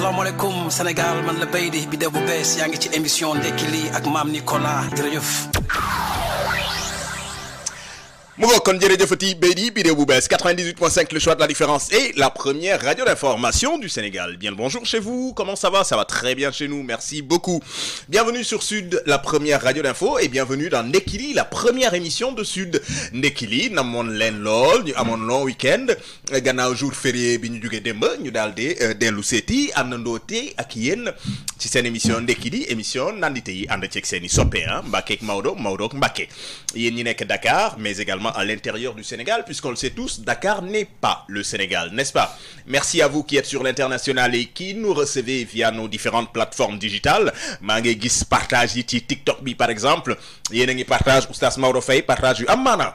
asalaamaaleykum Sénégal man la Beydi bi de bu bees yaa ngi ci émission ndekki lii ak maam Nicolas jërëjëf mu ngoog kon jërëjëfati bay di bi 98.5 le choix de la différence et la première radio d'information du Sénégal bien le bonjour chez vous comment ça va ça va très bien chez nous merci beaucoup bienvenue sur Sud la première radio d'info et bienvenue dans Nekili, la première émission de Sud Nekili, Namon Len Lol, ñu long weekend. end jour ferie bi ñu Nudalde, démb ñu Akien. di euh, dellu seeti ak ci émission Ndekki émission nandite yi ànd ceeg seen i soppe ah Dakar mais également à l'intérieur du Sénégal, puisqu'on le sait tous, Dakar n'est pas le Sénégal, n'est-ce pas Merci à vous qui êtes sur l'international et qui nous recevez via nos différentes plateformes digitales. maa partage TikTok par exemple yéen partage Oustas Maurofei partage Ammana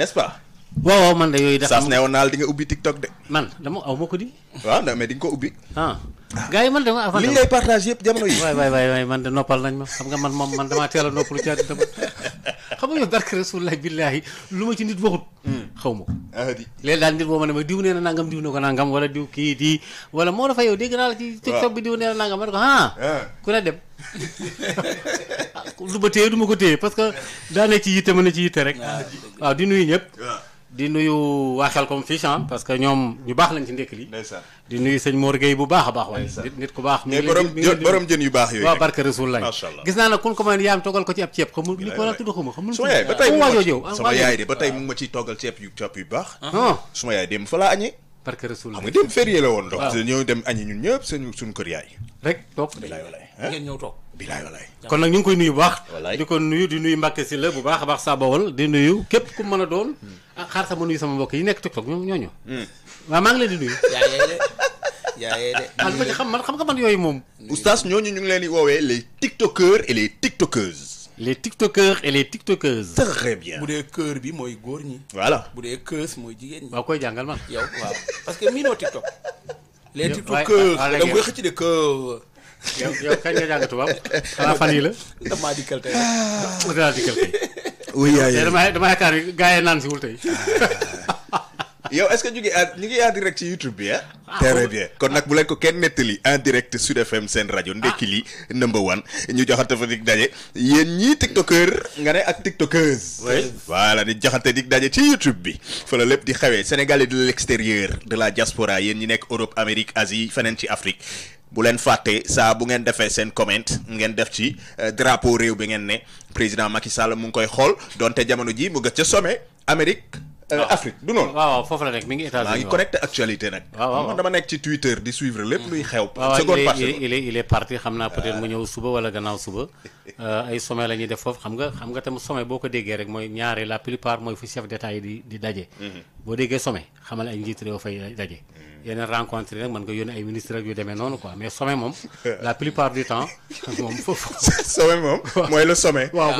n'est-ce pas. waaw waaw man de yooyu. dafa saas ne woon naal di nga ubbi TikTok de. man dama aw ma ko di. waaw mais di nga ko ubbi. ah gars yi man dama a hmm. ah, diw na ko nangam wala diw kii di wala moo dafa yow dégg naa la ci. waaw TikTok bi diw nee na nangam ko ah. ah. ku ne dem. lu ma téye du ko téye parce que daa ne ci yitte mën na ci yitte rek. waaw ah, ah, di nuyu ñëpp. Ah. di nuyu waa Xelcom Fish parce que ñoom ñu baax lañ ci ndekk li di nuyu sëñ Mor Gueye bu baax a baax waaye nit ku baax mi borom jën yu baax yooyu waaw ko mën yaam toggal ko yaay ba tey waajoo jëw sama yaay de ba tey mu ngi ma ciy toggal ceeb yu ceeb yu baax suma yaay dem fa laa añee barke Rasul xam dem férié la woon donc ñoo dem añi ñun ñëpp seen suñu kër yaay rek toog Hein? ngeen ñëw toog. bilaay walaay kon nak ñu ngi koy nuyu bu baax. di ko nuyu di nuyu Mbacke si la bu baax a baax sa bawol di nuyu képp ku mën a doon. Hmm. ah xaar sama nuyu sama mbokk yi nekk TikTok ñoo ñooñu. Hmm. waaw maa ngi leen di nuyu. yaayee de man ko ci xam man xam nga man yooyu moom. oustaz ñooñu ñu ngi leen di woowee les tiktokeurs et les tiktokeuses. les tiktokeurs et les tiktokeuses. très bien bu dee kër bi mooy góor ñi. voilà bu dee keus mooy jigéen ñi. waaw koy jàngal man yow waaw parce que miinoo tiktok. les tiktokeurs da nga koy xëcc de kër. yow est ce que ñu ngi en direct ci youtube bi ah très bien kon nag bu leen ko kenn en direct sud fm seen radio, ndeki li number one ñu joxante fa daje yéen ñii Tiktoker, nga ne ak tiktokeuse voilà di joxante dig daje ci youtube bi fa la di xewee sénégalais de l' de la diaspora yéen ñi nek europe amérique asie feneen ci afrique bu leen fàtte saa bu ngeen defee seen comment ngeen def ci euh, drapeau réew bi ngeen ne président Macky Sall mu ngi koy xool donte jamono ji mu gës ca sommet Amérique. Euh, Afrique du noonu. waaw foofu la nekk mi ngi États-Unis. maa ngi connecté actualité nag. man dama nekk ci Twitter lépp luy xew. seconde partie waaw il est il est parti xam naa peut euh. mu ñëw suba wala gannaaw suba. ay sommet la ñuy def foofu xam nga xam nga tamit sommet boo ko déggee rek mooy ñaari la plupart mooy fu chef d'État yi di daje. Mm-hmm. vous avez sommet xamal hmm. rencontre mais la plupart du temps le sommet. Ah,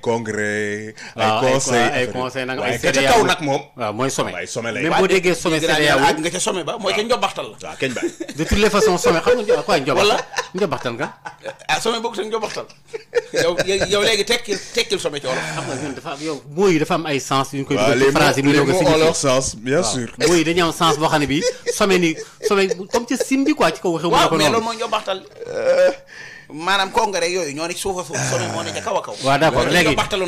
congrès. jobaxtan nga. ah som bokk seen jobaxtan yow yow som tekkil tekkil sobe ci wolof. xam nga ñun dafa am yow mooy yi dafa am ay sens yu ñu koy dugal ci phrase yi muy doog a signifié waaw sens bien sûr. mooy yi dañuy am sens boo xam ne bii somme ni somme comme ci sim bi quoi ci kaw waxee. waaw mais loolu mooy jobaxtal manam congrès yooyu ñoni soufa ci suufa suuf ne ca kaw a kaw waaw d'accord légui baxtalu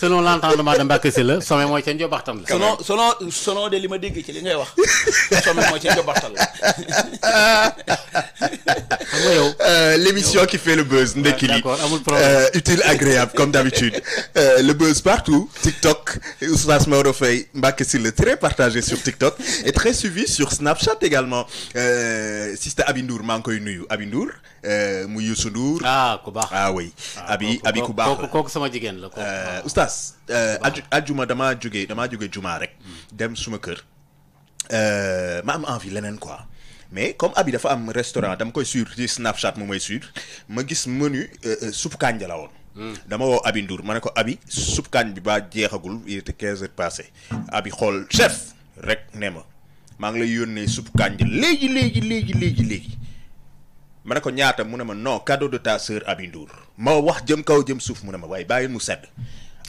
selon l'entendement de Mbacké Sylla sommet mooy ca njobaxtan la selon selon selon de lima dégg ci li ngay wax sommet mooy ca njobaxtan la euh nga l'émission qui fait le buzz ndekki li amul euh, utile agréable comme d'habitude euh, le buzz partout TikTok Oustaz Maodo Faye Mbacké Sylla très partagé sur TikTok et très suivi sur Snapchat également euh Sista Abindour maa koy nuyu Abindour euh mu Youssou Ndour. ah Kouba. ah oui. Ah, abi abi Kouba. baax sama jigen la. Euh, oustaz. Euh, aju ajuma dama jóge dama jóge juma rek. Hmm. dem souma keur. Euh, ma am envie lenen quoi. mais comme abi dafa am restaurant dama koy suivre sur Snapchat mu may suivre ma gis menu euh, soupe kanja la woon. Hmm. dama wo Abi Ndour ma ko Abi soupe kanja bi ba jeexagul il était 15 h passé Abi xool chef rek ne ma maa ngi lay yónnee suuf kanja légui légui léegi léegi léegi. ma ne ko ñaata mu ne ma noo cadeau de ta sœur ma wax jëm kaw jëm suuf mu ne ma waaye bàyyi mu sedd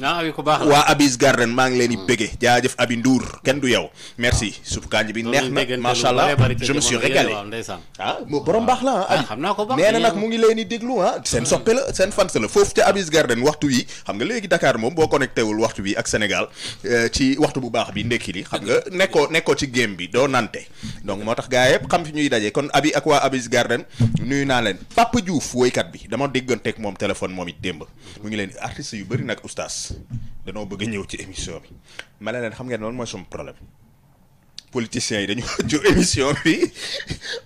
ah abi ku baax waa Abis Garden maa ngi leen di mm. bëggee jaajëf abi Ndour kenn du yow merci suuf kanji bi neex na macha allah je me suis régalé ah, ah borom baax la ah xam naa ko baax na nag mu ngi leen di déglu ah seen soppe la seen fans la foofu ca Abis Garden waxtu wi xam nga léegi dakaar moom boo connecté wul waxtu bi ak Sénégal euh, ci waxtu bu baax bi ndekki li xam nga nekkoo nekkoo ci game bi doo nante donc moo tax gars yëpp xam fi ñuy daje kon abi ak waa Abis Garden nuyu naa leen Papa Diouf woykat bi dama dégganteeg moom téléphone moom it démb mu ngi leen artiste yu bëri nag oustaz danoo bëgg a ñëw ci émission bi ma ne leen xam ngeen noonu mooy suñu problème politiciens yi dañu xëccoo émission bi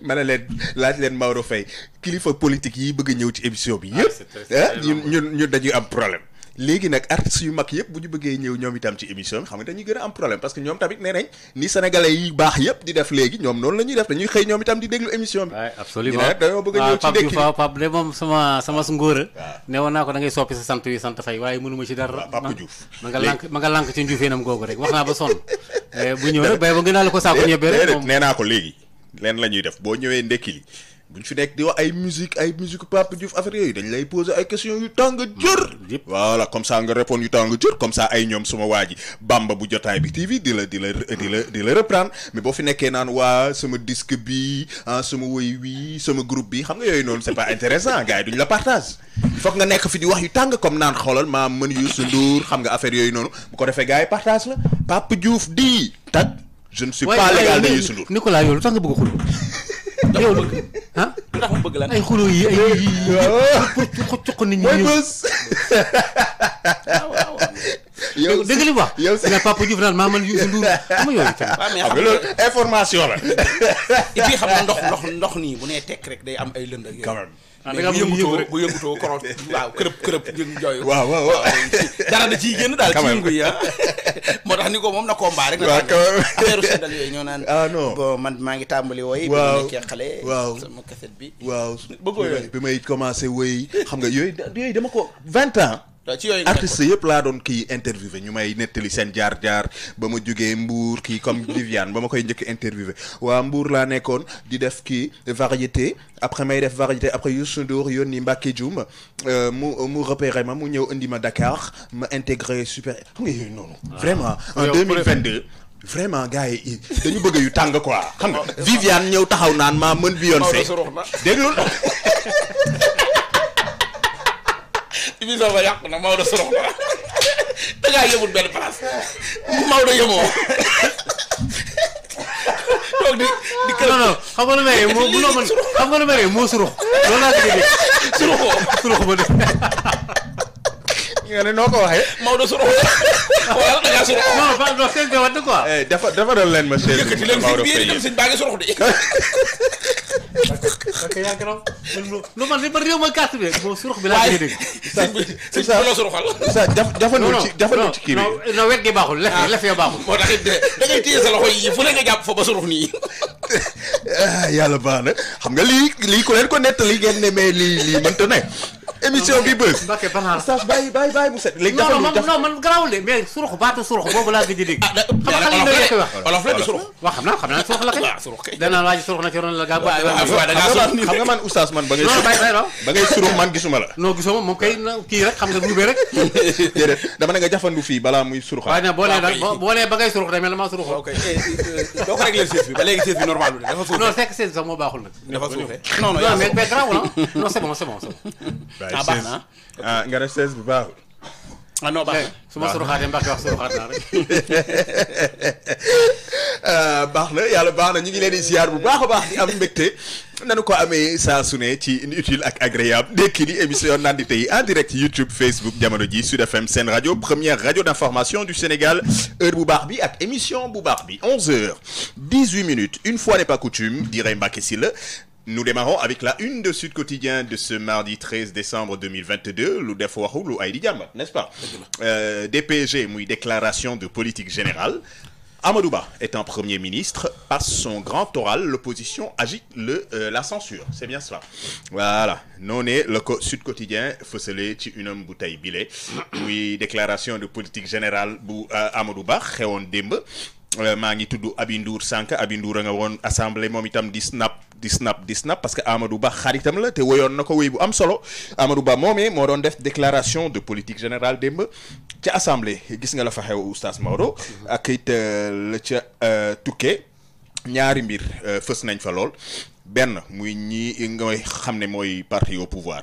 ma ne leen laaj leen Maodo Faye kilifa politique yi bëgg ñëw ci émission bi ah, yëpp ah, ñun ñun ñun dañuy am problème légui nak artiste yu mag yépp bu ñu bëggee ñëw ñoom itam ci émission bi xam nga dañuy gën a am problème parce que ñoom tamit nee nañ ni sénégalais yi baax yépp di def léegi ñoom noonu la ñuy def dañuy xëy ñoom itam di déglu émission bi waay absolument ñu dañoo bëgg a ñëw ci dékki waaw Pape de moom sama sama ngóora ne woon naa ko da ngay soppi sa sant yi sant fay waaye mënuma ci dara Pape Diouf ma nga lank ma nga lank ci njuufeenam googu rek wax naa ba son bu ñëw rek bay ba gën la ko saako ñebbe rek nee naa ko léegi leen lañuy def bo ñëwé ndekki li buñ fi nek di wax ay musique ay musique papa diouf affaire yoy dañ lay poser ay question yu tang jeur mm, voilà comme ça nga répondre yu tang jeur comme ça ay ñom suma waji bamba bu jotaay bi tv di la di la di la di la reprendre mais bo fi nekké nan wa sama disque bi hein ah, sama woy wi sama groupe bi xam nga yoy non c'est pas intéressant gaay duñ la partage il faut nga nekk fi di wax yu tang comme nan xolal ma meun yu sundur xam nga affaire yoy non bu ko défé gaay partage la papa diouf di tak je ne suis pas légal de Youssou Ndour Nicolas yow lu tax nga bëgg xul yow ah ndax mu bëgg la ay xulóo yi ay yii pour pour nit ñi ñëw yow dëgg li wax yow si Papa Diouf naan maa man Youssou Ndour ama yooyu tam ah, xam nga loolu information la et puis xam nga ndox ndox ndox nii bu nee tekk rek day am ay lënd ak yooyu da nga yëngutoo bu yëngutoo korol waaw kërëb kërëb jëng jooyu waaw waaw waaw dara da ciy génn daal ci yëngu ya moo tax ni ko moom na combat rek waaw affaire sandal yooyu ñoo naan ah non bon man maa ngi tàmbali woy bi ma nekkee xale waaw sama cassette bi waaw bëggoo yooyu bi may commencé woy xam nga dama ko ans artiste yëpp interviewé ñu may les comme Viviane interviewé di def variété après may def variété après euh, mu repéré ma mu ñëw ma Dakar super ah. vraiment en 2022. vraiment gars yi dañu bëgg yu quoi. xam nga Viviane ñëw taxaw naan émission ba yàqu na Maodo sorox na da ngaa yëmul benn place Maodo yëmoo toog di di kër. non non xam noo mën xam moo surux loolu laa gën a surux ba def. nga noo ko waxee. Maodo surux la. wala da ngaa surux. non pas non seen jawaat quoi. Eh, dafa dafa doon leen ma seen. yëkkati leen si biir dem si surux de. ok yaakaar naa lu man li ma réew ma carte bi moom surux bi laa koy dégg. sa sa sa loo suruxal. sa jafandu ci ci kii bi. non non gi baaxul lef ya baaxul. moo tax it da ngay téye sa loxo fu ne nga jàpp fa ba surux nii. Ah, yàlla baax na xam nga lii lii ku leen ko nettali ngeen ne mais lii lii mënta ne. émission bi bës. ok balaa sax bàyyi bàyyi bàyyi mu set. léegi dafa non non man garaawul de mais surux baatu surux boobu laa gëj a dégg. Ah, xam nga xale yi ñoo koy wax. olof la di surux. waaw xam naa xam naa surux la kay. waaw surux kay danaa laaj surux na ci ron la gaa ba. xam nga man oustaz man ba ngay. non bàyyi bàyyi ba ngay surux man gisuma la. non gisuma moom kay kii rek xam nga bu rek. déedéet dama ne nga jafandu fii balaa muy surux. waaye nag boo nee nag boo nee ba ngay surux tamit la ma surux. ok eh, eh, eh, doo ko réglé siis bi ba léegi siis bi normal bi dafa suuf. non c'est que siis sax moo baaxul nag. dafa suuf non non mais mais garaawul ah non c'est bon c'est bon c'est bon ah ah nga def 16 ah non baax na su ma suruxaatee wax suruxaat naa rek. Ah, baax na yàlla baax na ñu ngi leen di ziar bu baax a baax di am mbégte. nanu ko amee saa su ne ci utile ak agréable ndekki li émission nandite en direct YouTube Facebook jamono ji Sud FM Sen Radio première radio d'information du Sénégal heure bu baax bi ak émission bu baax 11h18 minutes une fois n'est pas coutume dirait Mbacké Sylla nous démarrons avec la une de Sud Quotidien de ce mardi 13 décembre 2022, Lou def waxu lu n'est-ce pas euh, DPG oui, déclaration de politique générale Amadouba est étant Premier ministre, Par son grand oral, l'opposition agite le, euh, la censure. C'est bien cela. Voilà. Non est le Sud Quotidien, Fosselé, Unum Bouteille Billet. Oui, déclaration de politique générale, Amadouba, euh, Amadou suis allé à Abindour Ndour nga assemblée moom itam di snap di snap di snap parce que Amadou Ba xaritam la te woyoon na ko bu am solo Amadou Ba moomee def déclaration de politique générale démb ci assemblée gis nga la fa oustaz Maodo. ak it euh, la ca euh, tukkee ñaari mbir euh, fës nañ fa lool benn muy ñi nga xam ne parti au pouvoir.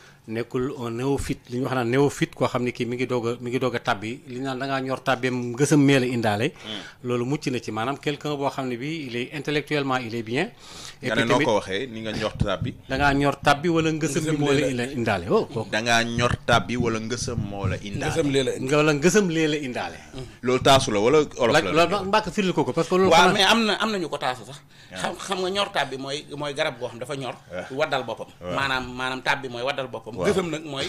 nekkul un néophyte li ñu wax naan néophyte koo xam ne kii mi ngi doog a ngi doog a tabbi li ñu naan da ngaa ñor tabbeem ngësam mee hmm. na ci maanaam quelqu'un boo xam ne bi il est intellectuellement il est bien. et ko waxee ni nga ñor tabbi. da ngaa ñor tabbi wala ngësam oh, moo la indaale oh da ngaa ñor tabbi wala ngësam moo la indaale. ngësam lee la indaale wala lee la indaale. loolu taasu la wala olof la. loolu mbàkk firil ko ko parce que. loolu waaw mais am na am na ñu ko taasu sax. xam xam nga ñor tab bi mooy mooy garab goo xam dafa ñor waddal boppam maanaam maanaam tab bi mooy waddal boppam gësëm nag mooy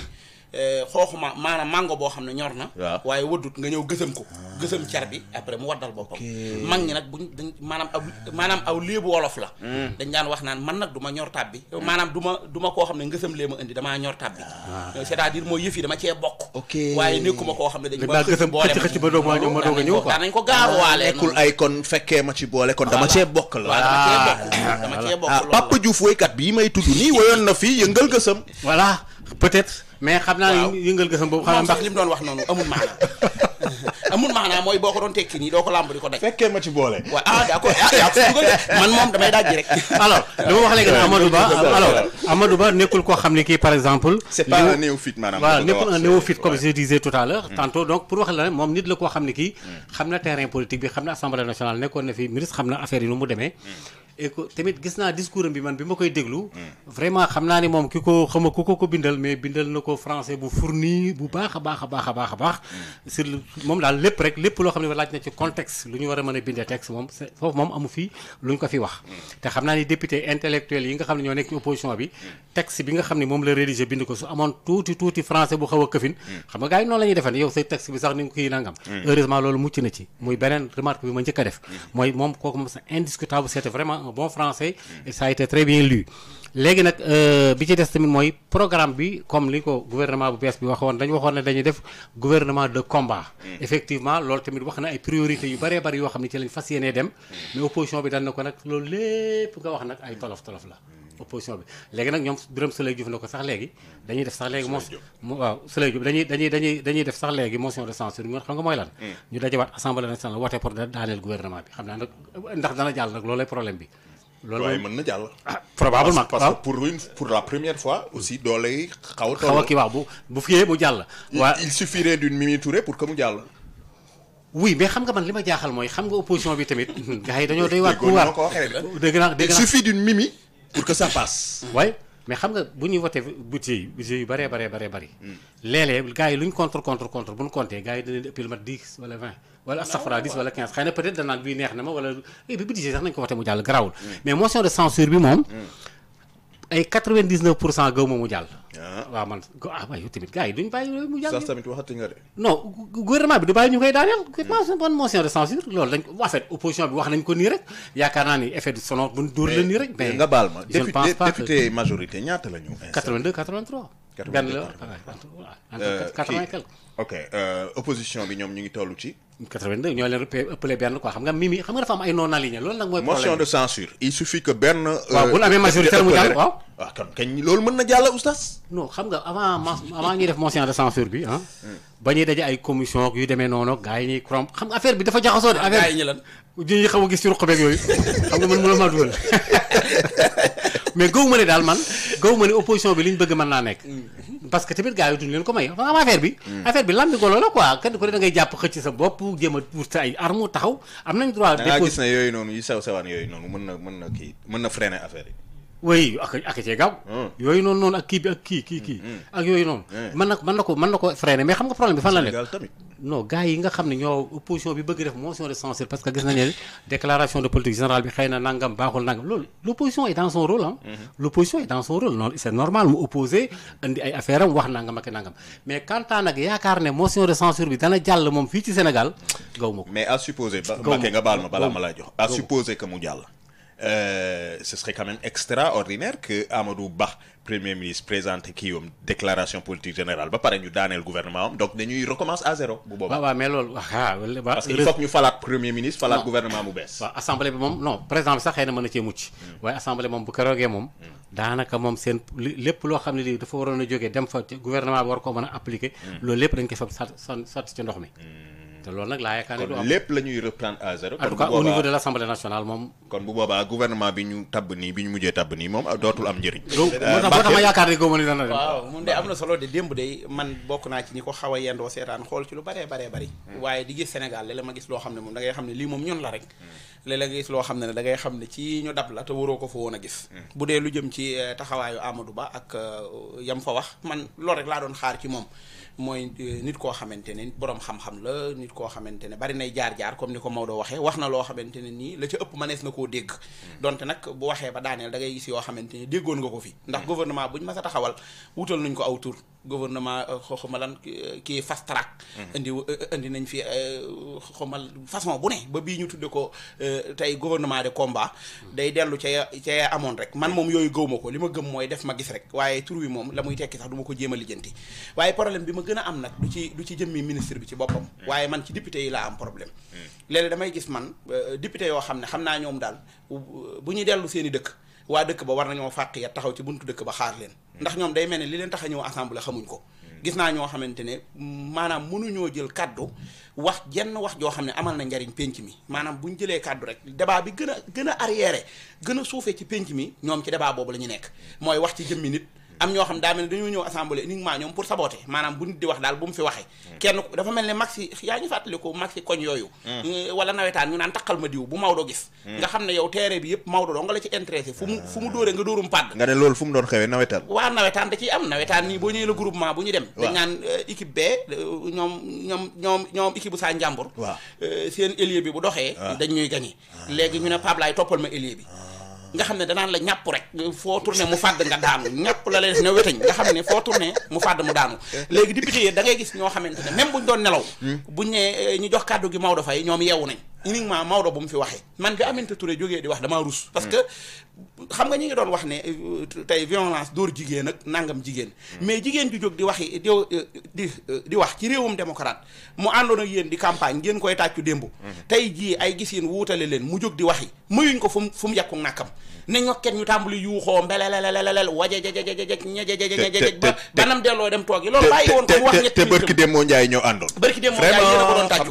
Euh, xooxuma maanaam mango boo xam ne ñor na waaye wëddut nga ñëw gësëm ko ah. gësam car bi après mu dal boppam mag ñi nag buñ dañ maanaam aw maanaam aw léebu wolof la hmm. dañ daan wax naan man nag du ma ñor tab bi hmm. maanaam du ma du ma koo xam ne ngësam lee ma indi damaa ñor tab bi ah. c'est-à-dire mooy yëf yi dama cee bokk waaye nekkuma koo xam ne dañ ma gësam boole xëcc a ñëw quoi daanañ ko gaaruwaale nekkul ay kon fekkee ma ci boole kon dama cee bokk la dama cee bokk ah. Papa Diouf woykat bi may tudd nii woyoon na fii yëngal gësam voilà peut-être mais xam naa yëngal gësam boobu xam naa li mu doon wax noonu amul maanaa amul maanaa mooy boo ko doon tekki nii doo ko làmb di ko daj fekkee ma ci boole waaw ah, ah d'accord man moom damay daaj ji rek alors li ma wax léegi Amadou Ba alors Amadou Ba nekkul koo xam ne kii par exemple c'est pas un néophyte maanaam waaw nekkul un néophyte comme je disais tout à l'heure mm. tantôt donc pour wax la ne moom nit la koo xam ne kii mm. xam na terrain politique bi xam na assemblée nationale nekkoon na fi ministre xam na affaire yi nu mu demee mm. et que tamit gis naa discours bi man bi ma koy déglu. vraiment xam naa ni moom ki ko xam ku ko ko bindal mais bindal na ko français bu fourni bu baax a baax a baax a baax a baax. sur moom daal lépp rek lépp loo xam ne laaj na ci contexte lu ñu war a mën a bindee texte moom wax. te xam naa ni député intellectuel yi nga xam ne bi. nga xam ne moom la rédigé bind ko su amoon tuuti tuuti français bu xaw a këfin. xam nga gars yi noonu la ñuy defee yow say texte bi sax ni nga kii nangam. Hmm. heureusement loolu mucc na ci muy beneen remarque un bon français et ça a été très bien lu Légui nak euh bi ci des tamit moy programme bi comme li ko gouvernement bu bees bi waxone dañ waxone ne dañuy def gouvernement de combat. Mm. effectivement lool tamit waxna ay priorités yu bëree bëri yo xamni ci lañ fas dem mm. mais opposition bi dal na ko nag loolu lépp nga wax nak ay tolof tolof la. opposition bi léegi nag ñoom Birame Souleye Diouf na ko sax léegi dañuy def sax léegi mo waaw Souleye Diouf dañuy dañuy dañuy dañuy def sax léegi motion de censure ñu xam nga mooy lan hmm. ñu dajewaat assemblée nationale woote pour daaneel gouvernement bi xam naa nag ndax dana jàll nag loolay problème bi loolu waaye mën na jàll. Ah, probablement parce que ah. pour une pour la première fois aussi dooley xaw a. xaw a kii waaw bu bu fiyee bu jàll. waa il suffirait d'une Mimi Touré pour que mu jàll. oui mais xam nga man li ma jaaxal mooy xam nga opposition bi tamit. gars yi dañoo doy waar. dégg naa dégg naa il suffit d'une Mimi. pour que ça passe. Mm. oui mais xam nga bu ñuy voté budget budget yu bëree bëree bëree bëri. Mm. léeg-léeg gars yi lu ñu contre contre contre bu ñu compté gars yi danañ ëppil mat 10 wala 20. wala ah safra 10 wala 15 xëy na peut être danaan bii neex na ma wala eh, bi budget sax nañ ko voté mu jàll garaawul. Mm. mais motion de censure bi moom. ay quatre ma mu jàll. Ah. waaw man ah waaye tamit gars yi duñ bàyyi mu jàll. sax tamit bi du bàyyi ñu koy daaneel. je pense bonne motion de censure loolu dañ ko en opposition bi wax nañ ko nii rek yaakaar naa ni effet de sonore bu ñu dóor la nii rek. mais nga baal ma député majorité ñaata la ñu. 82 83. benn la waaw euh, ok euh, opposition bi ñoom ñu ngi toll ci. 82 ñoo leen benn quoi xam nga mimi xam nga dafa ay non alignés loolu nag mooy. problème motion de euh, ah, mën na jàll oustaz. non xam nga avant avant ñuy def motion de censure bi ah. Hmm. ba ñuy daje ay commission ak yu demee noonu gars yi ñuy crom xam nga affaire bi dafa jaxasoo de. affaire ah, bi gars yi ñu lan. gis ci ruq beeg yooyu xam nga man mënul maa mais gëw ma ne daal man gëw ma ne opposition bi li bëgg mën naa nekk parce que tamit gars yi duñ leen ko may xam nga affaire bi mm. affaire bi lambi golo la quoi kenn ku ne da jàpp xëcc sa bopp jéem a wut sa ay arme taxaw am nañ droit da nga gis ne yooyu noonu yu sew sewaan yooyu noonu mën na mën na kii mën na freiner affaire yi oui ak ak cee gaaw. Hmm. yooyu noonu noonu ak kii bi ak kii kii hmm, hmm. ak yooyu noonu. freiner mais xam nga problème bi fan la nekk. tamit non gars yi nga xamni ñoo opposition bi bëgg def motion de censure parce que gis nañu déclaration de politique générale bi xeyna nangam baxul nangam loolu l'opposition est dans son rôle hein l'opposition est dans son rôle non c'est normal mu opposé andi ay affaire am wax nangam ak nangam mais quand à nak yaakar ne motion de censure bi dana jall mom fi ci Sénégal gaw ma mais à supposer. gaw nga bal ma balaa ma laa jox à supposer que mu jall euh, ce serait quand même extraordinaire que Amadou Ba premier ministre présente qui une déclaration politique générale ba pare ñu le gouvernement donc donc dañuy recommence à zéro. mais ah, ah, bah, parce qu'il faut que ñu le premier ministre le gouvernement bu assemblée non président ça sax xëy na mën na mucc. Hmm. assemblée moom bu keroogee moom. Hmm. daanaka moom seen lépp loo xam dafa waroon a dem fa gouvernement war ko appliquer. Hmm. lo lepp dañ ko fa sat ci ndox mi. te loolu nag laa yaakaar ne du am lépp la ñuy reprendre à zéro. en tout cas au niveau de l' assemblée kon bu boobaa gouvernement bi ñu tabb nii bi ñu mujjee tabb nii moom dootul am njëriñ. donc moo tax euh, moo ma yaakaar ne góobamu dana dem. na solo de démb de man naa ci ñi ko xaw a yendoo seetaan xool ci lu baree baree bari. Hmm. waaye di gis Sénégal léeg gis loo xam ne moom da ngay xam ne lii moom ñun la rek. Hmm. loo xam ne ne da ngay xam ne ci ñu dab la te waroo ko fa woon a gis hmm. bu dee lu jëm ci euh, taxawaayu amadu Ba ak euh, yam fa wax man lool rek laa doon xaar ci moom mooy euh, nit koo xamante ne borom xam-xam la nit koo xamante ne bari nay jaar-jaar comme ni ko Maodo waxee wax na loo xamante ne nii la ca ëpp manees na koo dégg hmm. donte nag bu waxee ba daaneel da ngay gis yoo xamante ne déggoon nga ko fi ndax hmm. gouvernement buñ mas a taxawal wutal nuñ ko aw tur gouvernement euh, xawma lan euh, kii fast track mhm. indi euh, indi nañ fi xawma façon bu ne ba bii ñu tudde ko tey gouvernement de combat mhm. day dellu ca ya ca amoon rek man moom yooyu gëw ko li ma gëm mooy def ma gis rek waaye tur wi moom la muy tekki sax duma ko jéem a lijjanti waaye problème bi ma gën a am nag du ci du ci jëmmi ministre bi ci boppam mhm. waaye man ci député yi laa am problème léeg damay gis man député yoo xam ne xam naa ñoom daal bu ñuy dellu seen i dëkk waa dëkk ba war nañoo fàq ya taxaw ci buntu dëkk ba xaar leen ndax ñoom day mel ni li leen tax a ñëw assemblée xamuñ ko gis naa ñoo xamante ne maanaam mënuñoo jël kàddu wax jenn wax joo xam ne amal na njariñ pénc mi maanaam bu ñu jëlee kàddu rek débat bi gën a gën a arriéré gën a suufee ci pénc mi ñoom ci débat boobu la ñu nekk mooy wax ci jëmmi nit am ñoo xam daa mel ne dañoo ñëw assemblée uniquement ñoom pour saboter maanaam bu nit di wax daal bu mu fi waxee mm. kenn dafa mel ne maxi yaa ñu fàttaliku maxi koñ yooyu mm. wala nawetaan ñu naan taqal ma diw bu Maodo gis mm. nga xam ne yow teere bi yëpp Maodo doo nga la ci intéressé fu mu ah. fu mu dóore nga dóorum pàdd nga ne loolu fu mu doon xewee nawetaan waa nawetaan da ciy am nawetaan nii boo ñëwee la groupement bu ñu dem dañ naan euh, équipe bee euh, ñoom ñoom ñoom ñoom équipe saa njàmbur waaw euh, seen ailier bi bu doxee ah. dañ ñuy gagné ah. léegi ñu ne Pape Laye toppal ma ailier bi nga xam ne danaan la ñàpp rek foo tourné mu fàdd nga daanu ñàpp la lay def ne weteñ nga xam ne foo tourné mu fàdd mu daanu léegi député yi da ngay gis ñoo xamante ne même buñ doon nelaw hmm. buñ ne eh, ñu jox kàddu gi Maodo Faye ñoom yeewu nañ uniquement Maodo bu mu fi waxee man bi Aminata Touré jógee di wax damaa rus. parce que xam nga ñi ngi doon wax ne euh, tey violence dóor jigéen ak nangam jigéen. mais jigéen ju jóg di wax di euh, di euh, di wax ci réewum démocrate mu àndoon ak yéen di campagne ngeen koy tàccu démb. tey jii ay gis yéen wuutale leen mu jóg di waxi mayuñ ko fu mu fu mu yàqu nàkkam ne ñokket ñu tàmbali yuuxoo mbelelelelelel wajajajajajaj ñajajajajaj ba banam delloo dem toog yi loolu bàyyi woon ko mu wax ñett te bërki dem moo njaay ñoo àndoon dem a ko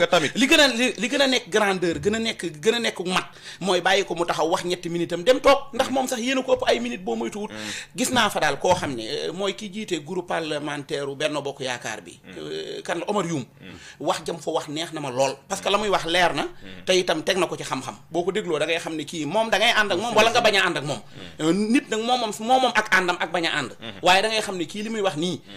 gën a nekk grand grandeur gën a nekk gën a nekk mat mooy bàyyi ko mu taxaw wax ñetti minute am dem toog ndax moom sax yéen a ko ëpp ay minute boo moytuwut mm. gis naa fa daal koo xam ne euh, mooy ki jiite groupe parlementaire benn Benno Bokk Yaakaar bi mm. euh, kan la Omar Youm mm. wax jam fa wax neex na ma lool parce que la muy wax leer na te itam teg na ko ci xam-xam boo ko dégloo da ngay xam ne kii moom da ngay ànd ak moom wala nga bañ a ànd ak moom euh, nit nag moom moom ak àndam ak bañ a ànd waaye da wax nii